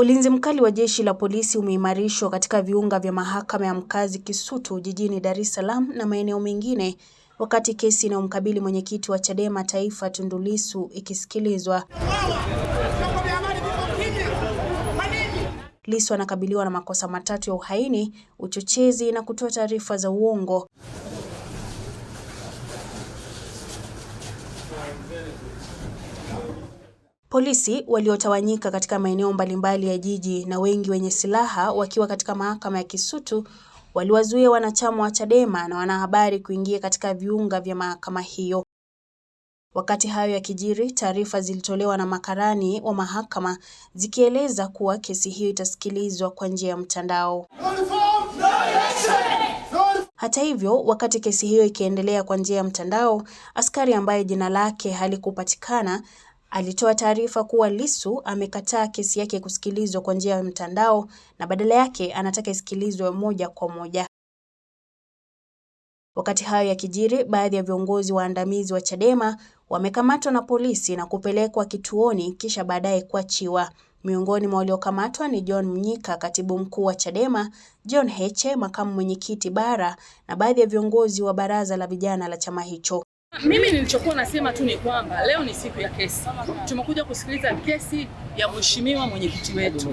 Ulinzi mkali wa jeshi la polisi umeimarishwa katika viunga vya mahakama ya mkazi Kisutu jijini Dar es Salaam na maeneo mengine wakati kesi inayomkabili mwenyekiti wa Chadema Taifa Tundu Lissu ikisikilizwa. Lissu anakabiliwa na makosa matatu ya uhaini, uchochezi na kutoa taarifa za uongo. Polisi waliotawanyika katika maeneo mbalimbali ya jiji na wengi wenye silaha wakiwa katika mahakama ya Kisutu waliwazuia wanachama wa Chadema na wanahabari kuingia katika viunga vya mahakama hiyo. Wakati hayo yakijiri, taarifa zilitolewa na makarani wa mahakama zikieleza kuwa kesi hiyo itasikilizwa kwa njia ya mtandao. Hata hivyo, wakati kesi hiyo ikiendelea kwa njia ya mtandao, askari ambaye jina lake halikupatikana alitoa taarifa kuwa Lissu amekataa kesi yake kusikilizwa kwa njia ya mtandao na badala yake anataka isikilizwe moja kwa moja. Wakati hayo yakijiri, baadhi ya viongozi waandamizi wa Chadema wamekamatwa na polisi na kupelekwa kituoni kisha baadaye kuachiwa. Miongoni mwa waliokamatwa ni John Mnyika, katibu mkuu wa Chadema, John Heche, makamu mwenyekiti bara, na baadhi ya viongozi wa baraza la vijana la chama hicho. Mimi nilichokuwa nasema tu ni kwamba leo ni siku ya kesi. Tumekuja kusikiliza kesi ya mheshimiwa mwenyekiti wetu,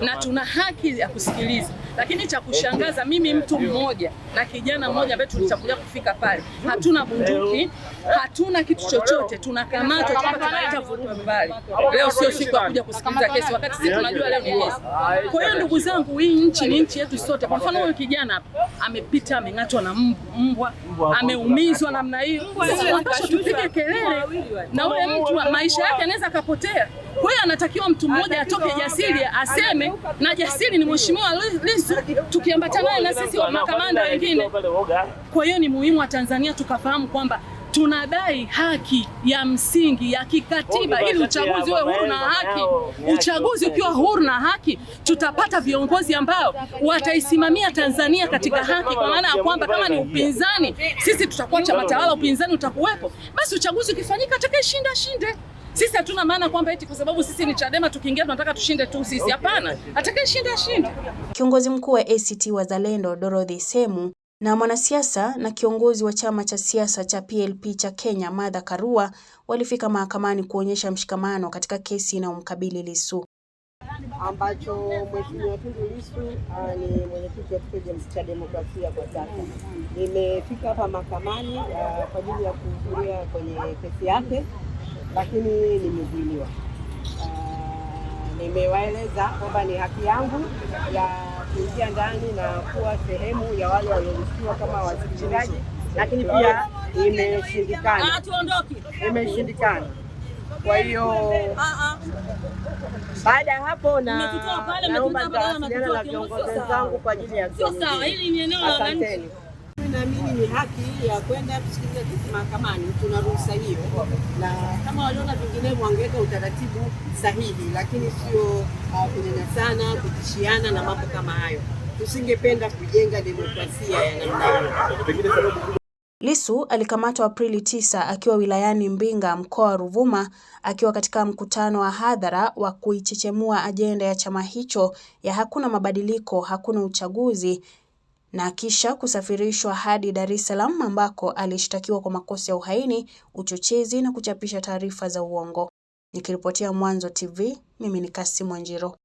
na tuna haki ya kusikiliza, lakini cha kushangaza, mimi mtu mmoja na kijana mmoja ambaye tulichagulia kufika pale, hatuna bunduki, hatuna kitu chochote, tunakamatwa mpaka tunaleta vurugu mbali. Leo sio siku ya kuja kusikiliza kesi, wakati sisi tunajua leo ni kesi. Kwa hiyo ndugu zangu, hii nchi ni nchi yetu sote. Kwa mfano, huyu kijana hapa amepita, ameng'atwa na mbwa, ameumizwa namna hiyo kelele, na ule mtu maisha yake anaweza akapotea. Kwa hiyo anatakiwa mtu mmoja atoke jasiri aseme, na jasiri ni Mheshimiwa Lissu, tukiambatana naye na sisi wa makamanda wengine. Kwa hiyo ni muhimu wa Tanzania tukafahamu kwamba tunadai haki ya msingi ya kikatiba ili uchaguzi uwe huru na haki. Uchaguzi ukiwa huru na haki, tutapata viongozi ambao wataisimamia Tanzania katika haki, kwa maana ya kwamba kama ni upinzani, sisi tutakuwa chama tawala, upinzani utakuwepo, basi uchaguzi ukifanyika, atakayeshinda shinde. Sisi hatuna maana kwamba eti kwa sababu sisi ni Chadema tukiingia tunataka tushinde tu sisi. Hapana, atakayeshinda shinde. Kiongozi mkuu wa ACT Wazalendo Dorothy Semu na mwanasiasa na kiongozi wa chama cha siasa cha PLP cha Kenya Martha Karua walifika mahakamani kuonyesha mshikamano katika kesi inayomkabili Lissu ambacho Mheshimiwa Tundu Lissu ah, ni mwenyekiti wa kituo cha demokrasia kwa sasa. Nimefika hapa mahakamani ah, kwa ajili ya kuhudhuria kwenye kesi yake, lakini nimezuiliwa. Ah, nimewaeleza kwamba ni haki yangu ya kuingia ndani na kuwa sehemu ya wale walioruhusiwa kama wasikilizaji, lakini pia imeshindikana, ah, imeshindikana. Kwa hiyo ah, ah. baada ya hapo, na naomba nitawasiliana na viongozi wenzangu kwa ajili ya asanteni naamini ni haki ya kwenda kusikiliza kesi mahakamani, tuna ruhusa hiyo, na kama waliona vinginevyo wangeweka utaratibu sahihi, lakini sio uh, kunyanyasana, kutishiana na mambo kama hayo. Tusingependa kujenga demokrasia ya namna hiyo. Lissu alikamatwa Aprili 9 akiwa wilayani Mbinga mkoa wa Ruvuma akiwa katika mkutano wa hadhara wa kuichechemua ajenda ya chama hicho ya hakuna mabadiliko, hakuna uchaguzi na kisha kusafirishwa hadi Dar es Salaam ambako alishtakiwa kwa makosa ya uhaini, uchochezi na kuchapisha taarifa za uongo. Nikiripotia Mwanzo TV, mimi ni Kasimu Wanjiro.